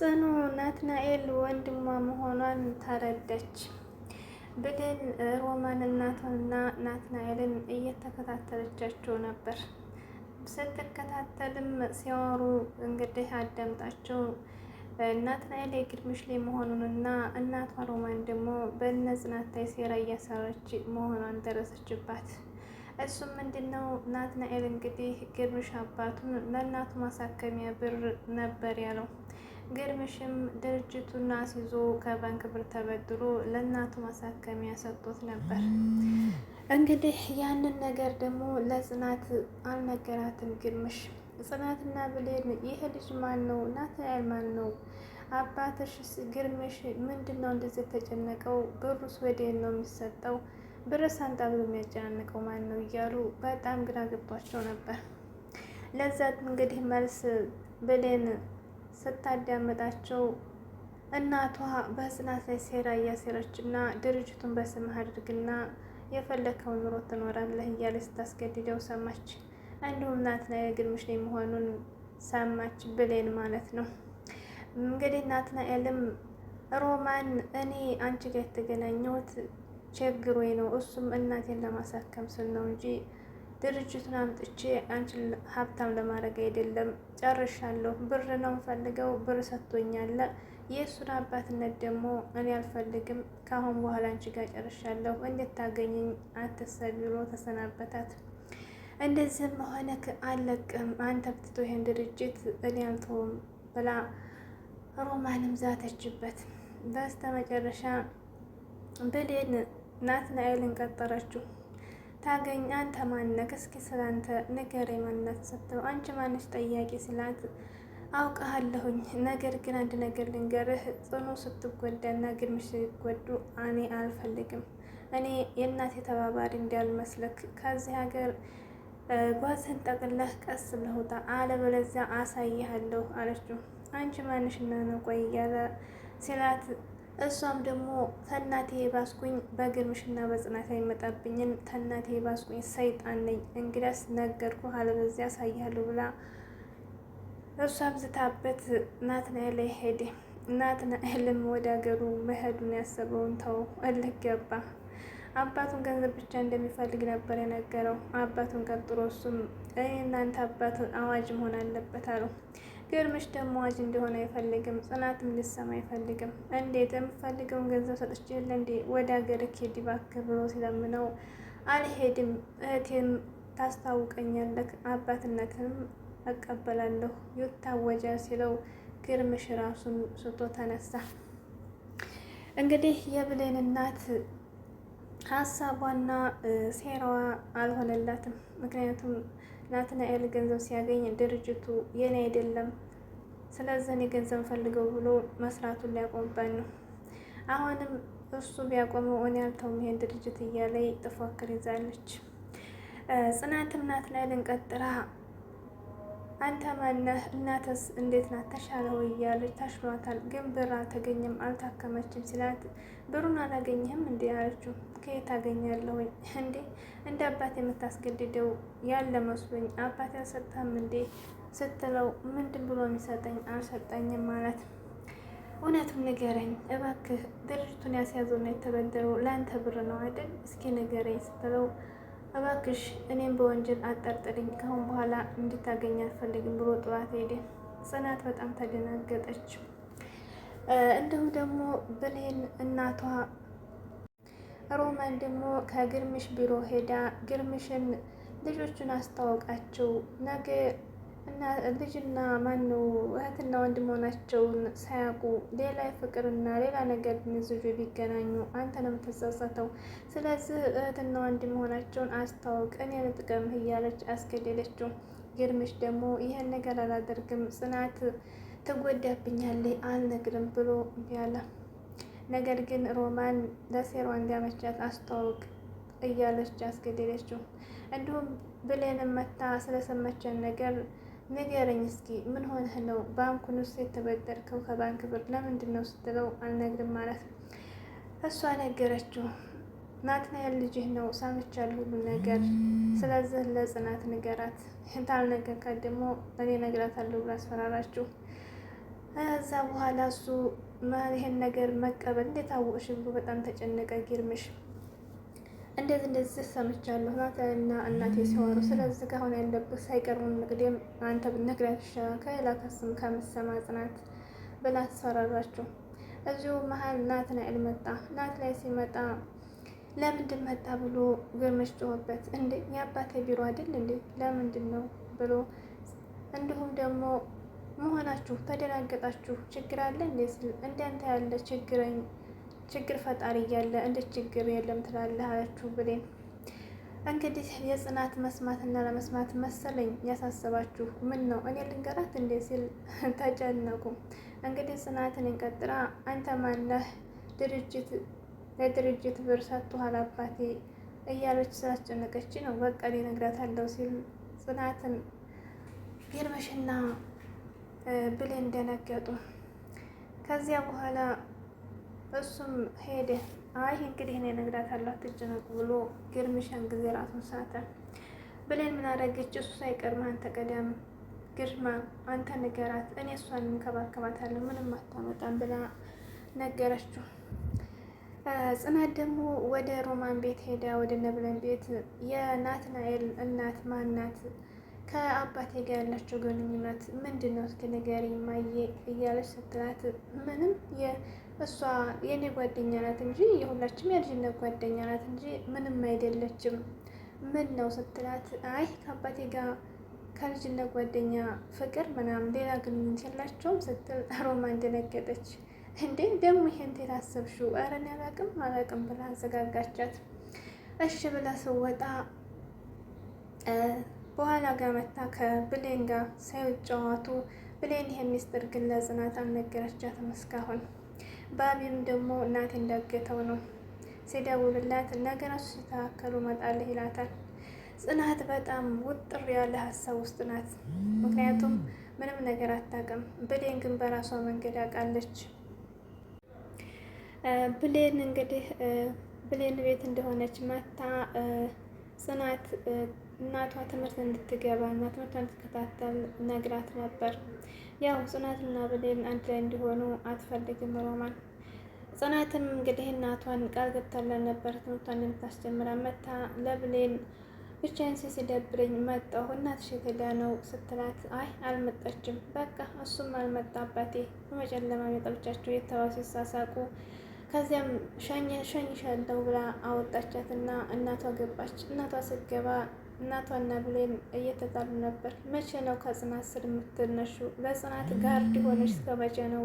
ጽኑ ናትናኤል ወንድሟ መሆኗን ተረዳች። ብሌን ሮማን እናቷንና ናትናኤልን እየተከታተለቻቸው ነበር። ስትከታተልም ሲያወሩ እንግዲህ አዳምጣቸው ናትናኤል የግድምሽ ላይ መሆኑንና እናቷ ሮማን ደግሞ በነጽናት ላይ ሴራ እያሰራች መሆኗን ደረሰችባት። እሱም ነው ናትናኤል እንግዲህ ግድምሽ አባቱን ለእናቱ ማሳከሚያ ብር ነበር ያለው ግርምሽም ድርጅቱን አስይዞ ከባንክ ብር ተበድሮ ለእናቱ ማሳከሚያ ሰጥቶት ነበር። እንግዲህ ያንን ነገር ደግሞ ለጽናት አልነገራትም ግርምሽ። ጽናትና ብሌን ይህ ልጅ ማን ነው? ናትናኤል ማን ነው? አባትሽ ግርምሽ ምንድን ነው እንደዚህ የተጨነቀው? ብሩስ ወዴን ነው የሚሰጠው? ብር ሳንጣ ብሎ የሚያጨናንቀው ማን ነው? እያሉ በጣም ግራ ገባቸው ነበር። ለዛት እንግዲህ መልስ ብሌን ስታዳምጣቸው እናቷ በጽናት ላይ ሴራ እያሴረች እና ድርጅቱን በስምህ አድርግና የፈለከው ኑሮ ትኖራለህ እያለ ስታስገድደው ሰማች። እንዲሁም ናትናኤል ግድምሽ ላይ መሆኑን ሰማች፣ ብሌን ማለት ነው። እንግዲህ ናትናኤልም ሮማን እኔ አንቺ ጋር የተገናኘሁት ችግሮኝ ነው እሱም እናቴን ለማሳከም ስል ነው እንጂ ድርጅቱን አምጥቼ አንቺን ሀብታም ለማድረግ አይደለም፣ ጨርሻለሁ። ብር ነው የምፈልገው። ብር ሰጥቶኛለ። የእሱን አባትነት ደግሞ እኔ አልፈልግም። ከአሁን በኋላ አንቺ ጋር ጨርሻለሁ። እንዴት ታገኘኝ ብሎ ተሰናበታት። እንደዚህም ሆነ አለቅም፣ አንተ ብትቶ ይሄን ድርጅት እኔ አልተውም ብላ ሮማንም ዛተችበት። በስተመጨረሻ ብሌን ናትናኤልን ቀጠረችው። ታገኝ አንተ ማነክ? እስኪ ስላንተ ንገር የማነት ሰጥተው አንቺ ማነች ጠያቂ ስላት አውቀሃለሁኝ፣ ነገር ግን አንድ ነገር ልንገርህ፣ ጽኑ ስትጎዳና ግድምሽ ሲጎዱ እኔ አልፈልግም። እኔ የእናቴ ተባባሪ እንዳልመስልክ ከዚህ ሀገር ጓዝህን ጠቅለህ ቀስ ብለህ ውጣ፣ አለበለዚያ አሳይሃለሁ አለችው። አንቺ ማንሽና ነው ቆይ እያለ ሲላት እሷም ደግሞ ተናቴ ባስኩኝ በግርምሽና በጽናት አይመጣብኝን ተናቴ ባስኩኝ ሰይጣን ነኝ፣ እንግዳስ ነገርኩ አለበዚያ አሳያለሁ ብላ እሷ አብዝታበት ናትናኤል ላይ ሄደ። ናትናኤልም ወደ ሀገሩ መሄዱን ያሰበውን ተው እልክ ገባ። አባቱን ገንዘብ ብቻ እንደሚፈልግ ነበር የነገረው። አባቱን ቀጥሮ እሱም እናንተ አባት አዋጅ መሆን አለበት አለው። ግርምሽ ደግሞ አጅ እንደሆነ አይፈልግም፣ ጽናትም ልሰማ አይፈልግም። እንዴት የምፈልገውን ገንዘብ ሰጥች የለ እንዴ ወደ ሀገር ኬድ እባክህ ብሎ ሲለምነው አልሄድም፣ እህቴም ታስታውቀኛለህ፣ አባትነትንም እቀበላለሁ ይታወጃ ሲለው ግርምሽ ራሱን ስቶ ተነሳ። እንግዲህ የብሌን እናት ሀሳቧና ሴራዋ አልሆነላትም። ምክንያቱም ናትናኤል ገንዘብ ሲያገኝ ድርጅቱ የኔ አይደለም፣ ስለዚህ እኔ ገንዘብ ፈልገው ብሎ መስራቱን ሊያቆምበት ነው። አሁንም እሱ ቢያቆመው እኔ ያልተውም ይሄን ድርጅት እያለ ጥፎ ይዛለች። ጽናትም ናትናኤልን ቀጥራ አንተ ማነህ? እናተስ እንዴት ናት? ተሻለ ወይ እያለች ታሽሏታል። ግን ብር አልተገኘም፣ አልታከመችም ሲላት ብሩን አላገኘህም እንዴ አለችው። ከየት አገኛለሁ እንዴ እንደ አባት የምታስገድደው ያለ መስሎኝ አባት ያልሰጠህም እንዴ ስትለው ምንድን ብሎ የሚሰጠኝ አልሰጠኝም ማለት እውነቱም ንገረኝ እባክህ ድርጅቱን ያስያዘውና የተበደረው ለአንተ ብር ነው አይደል? እስኪ ንገረኝ ስትለው እባክሽ እኔም በወንጀል አጠርጥሪኝ ከአሁን በኋላ እንድታገኝ አልፈልግም ብሎ ጥሏት ሄደ። ጽናት በጣም ተደናገጠች። እንዲሁም ደግሞ ብሌን እናቷ ሮማን ደግሞ ከግርምሽ ቢሮ ሄዳ ግርምሽን ልጆቹን አስተዋውቃቸው ነገ እና ልጅና ማነው እህትና ወንድ መሆናቸውን ሳያውቁ ሌላ ፍቅርና ሌላ ነገር ምዝጆ ቢገናኙ አንተ ነው የምትጸጸተው። ስለዚህ እህትና ወንድ መሆናቸውን አስታውቅ፣ እኔ ልጥቀምህ እያለች አስገደለችው። ግርምሽ ደግሞ ይህን ነገር አላደርግም ጽናት ትጎዳብኛለች አልነግርም ብሎ ያለ ነገር ግን ሮማን ለሴሯ እንዲያመቻት አስተዋውቅ እያለች አስገደለችው። እንዲሁም ብሌንም መታ ስለሰመቸን ነገር ንገረኝ እስኪ ምን ሆነህ ነው? ባንኩን ውስጥ የተበደርከው ከባንክ ብር ለምንድን ነው ስትለው አልነግርም ማለት እሷ ነገረችው። ናትናኤል ልጅህ ነው ሰምቻለሁ፣ ሁሉ ነገር። ስለዚህ ለጽናት ንገራት፣ ታልነገርካት ደግሞ እኔ እነግራታለሁ ብላ አስፈራራችሁ። እዛ በኋላ እሱ ይሄን ነገር መቀበል እንዴት አወቅሽ ብሎ በጣም ተጨነቀ ጊርምሽ እንደዚህ እንደዚህ ሰምቻለሁ እና እናቴ ሲወሩ ስለዚህ ጋር ያለብህ ሳይቀርቡን መቅደም አንተ ብትነግራት ይሻላል ከሌላታስም ከምሰማ ጽናት ብላ አስፈራራችው። እዚሁ መሀል ናትናኤል መጣ። ናትናኤል ሲመጣ ለምንድን መጣ ብሎ ግርምሽ ጮኸበት። እንዴ የአባቴ ቢሮ አይደል እንዴ ለምንድን ነው ብሎ እንዲሁም ደግሞ መሆናችሁ ተደናገጣችሁ ችግር አለ እንዴ ስል እንዳንተ ያለ ችግረኝ ችግር ፈጣሪ እያለ እንዴት ችግር የለም ትላለህ አለችው ብሌን። እንግዲህ የጽናት መስማትና ለመስማት መሰለኝ ያሳሰባችሁ ምን ነው እኔ ልንገራት እንዴ ሲል ተጨነቁ። እንግዲህ ጽናትን እንቀጥራ አንተ ማነህ ድርጅት ለድርጅት ብር ሰጥቶሃል አባቴ እያለች ስላስጨነቀች ነው በቃ እኔ እነግራታለሁ ሲል ጽናትን ቢርበሽና ብሌን እንደነገጡ ከዚያ በኋላ እሱም ሄደ። አይ እንግዲህ እኔ እነግራታለሁ አትጨነቁ ብሎ ግርምሻን ጊዜ ራሱን ሳተ። ብሌን ምን አደረገች? እሱ ሳይቀርም አንተ ቀደም፣ ግርማ አንተ ንገራት፣ እኔ እሷን እንከባከባታለሁ ምንም አታመጣም ብላ ነገረችው። ጽናት ደግሞ ወደ ሮማን ቤት ሄዳ ወደ ነብለን ቤት የናትናኤል እናት ማናት ከአባቴ ጋር ያላቸው ግንኙነት ምንድን ነው? እስኪ ንገሪኝ ማየ እያለች ስትላት ምንም እሷ የኔ ጓደኛ ናት እንጂ የሁላችም የልጅነት ጓደኛ ናት እንጂ ምንም አይደለችም። ምን ነው ስትላት፣ አይ ከአባቴ ጋር ከልጅነት ጓደኛ ፍቅር ምናምን ሌላ ግንኙነት የላቸውም ስትል ሮማን ደነገጠች። እንዴ ደግሞ ይሄን እንዴት አሰብሽው? ኧረ እኔ አላቅም አላቅም ብላ አዘጋጋቻት። እሺ ብላ ስወጣ በኋላ ጋር መታ ከብሌን ጋር ሳይጫወቱ ብሌን ይሄን ሚስጥር ግን ለጽናት አልነገረቻትም እስካሁን። ባቢም ደግሞ እናት እንዳገተው ነው ሲደውልላት ነገሮች ሲተካከሉ መጣለህ ይላታል። ጽናት በጣም ውጥር ያለ ሀሳብ ውስጥ ናት። ምክንያቱም ምንም ነገር አታውቅም። ብሌን ግን በራሷ መንገድ አውቃለች። ብሌን እንግዲህ ብሌን ቤት እንደሆነች መታ ጽናት እናቷ ትምህርት እንድትገባ እና ትምህርቷን እንድትከታተል ነግራት ነበር። ያው ጽናትና ብሌን አንድ ላይ እንዲሆኑ አትፈልግም ሮማን። ጽናትም እንግዲህ እናቷን ቃል ገብታለን ነበር ትምህርቷን እንደምታስጀምራ መታ ለብሌን ብቻዬን ሲደብረኝ መጣሁ እናትሽ የተዳ ነው ስትላት፣ አይ አልመጣችም፣ በቃ እሱም አልመጣ አባቴ በመጨለማ መጠብቻቸው የተዋሱ ሲሳሳቁ፣ ከዚያም ሸኝሻለሁ ብላ አወጣቻትና እናቷ ገባች። እናቷ ስትገባ እናቷና ብሌን እየተጣሉ ነበር። መቼ ነው ከጽናት ስር የምትነሹ? ለጽናት ጋርድ ሆነሽ እስከ መቼ ነው?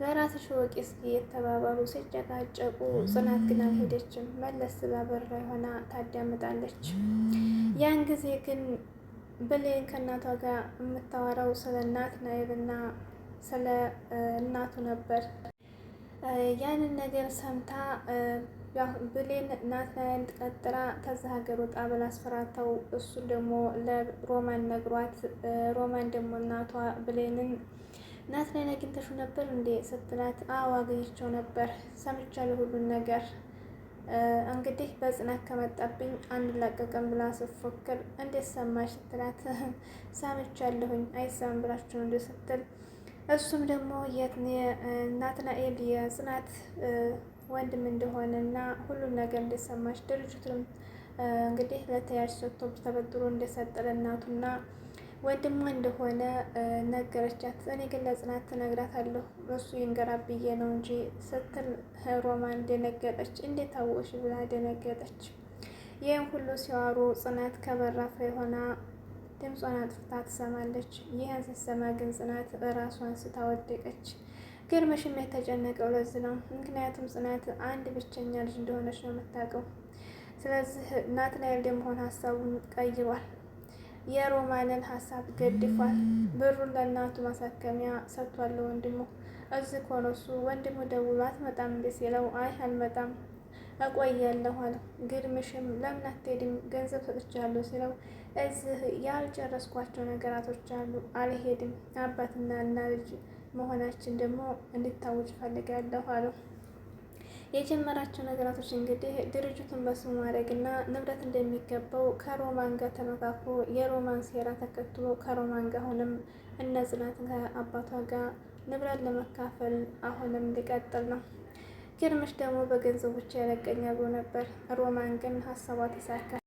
ለራስሽ ወቂ እስኪ የተባባሉ ሲጨቃጨቁ፣ ጽናት ግን አልሄደችም። መለስ ብላ ላይ ሆና ታዳምጣለች። ያን ጊዜ ግን ብሌን ከእናቷ ጋር የምታወራው ስለ እናት ናይልና ስለ እናቱ ነበር። ያንን ነገር ሰምታ ብሌን ናትናኤልን ቀጥራ ከዛ ሀገር ወጣ ብላ አስፈራተው እሱን ደግሞ ለሮማን ነግሯት፣ ሮማን ደግሞ እናቷ ብሌንን ናትናኤልን አግኝተሽው ነበር እንዴ ስትላት፣ አዎ አገኘቸው ነበር ሰምቻለሁ ሁሉን ነገር እንግዲህ በጽናት ከመጣብኝ አንላቀቅም ብላ ስትፎክር፣ እንዴት ሰማሽ ስትላት፣ ሰምቻለሁኝ አይሰማም ብላችሁ እንደ ስትል እሱም ደግሞ የት ናትናኤል የጽናት ወንድም እንደሆነ እና ሁሉም ነገር እንደሰማች ድርጅቱም እንግዲህ ለተያዥ ሰጥቶ ተበድሮ እንደሰጠ ለእናቱና ወንድሟ እንደሆነ ነገረቻት። እኔ ግን ለጽናት ትነግራታለሁ እሱ ይንገራ ብዬ ነው እንጂ ስትል ሮማን ደነገጠች። እንዴት ታወቅሽ ብላ ደነገጠች። ይህም ሁሉ ሲዋሩ ጽናት ከበራፈ የሆና ድምጿን አጥፍታ ትሰማለች። ይህን ስትሰማ ግን ጽናት ራሷን ስታወደቀች ወደቀች። ግርምሽም የተጨነቀው ለዚህ ነው። ምክንያቱም ጽናት አንድ ብቸኛ ልጅ እንደሆነች ነው የምታውቀው። ስለዚህ ናትናኤል ደመሆን ሀሳቡን ቀይሯል። የሮማንን ሀሳብ ገድፏል። ብሩን ለእናቱ ማሳከሚያ ሰጥቷል ለወንድሙ። እዚህ ከሆነ እሱ ወንድሙ ደውሎ አትመጣም እንዴ ሲለው አይ አልመጣም እቆያለሁ አለ። ግድምሽም ለምን አትሄድም ገንዘብ ሰጥቻለሁ ሲለው እዚህ ያልጨረስኳቸው ነገራቶች አሉ አልሄድም አባትና እና ልጅ መሆናችን ደግሞ እንድታወጭ ፈልጋለሁ አሉ። የጀመራቸው ነገራቶች እንግዲህ ድርጅቱን በስሙ ማድረግ ማድረግና ንብረት እንደሚገባው ከሮማን ጋር ተመካክሮ የሮማን ሴራ ተከትሎ ከሮማን ጋር አሁንም እነ ጽናት ከአባቷ ጋር ንብረት ለመካፈል አሁንም ሊቀጥል ነው። ግርምሽ ደግሞ በገንዘቦች ያለቀኛ ብሎ ነበር። ሮማን ግን ሀሳቧ ተሳካ።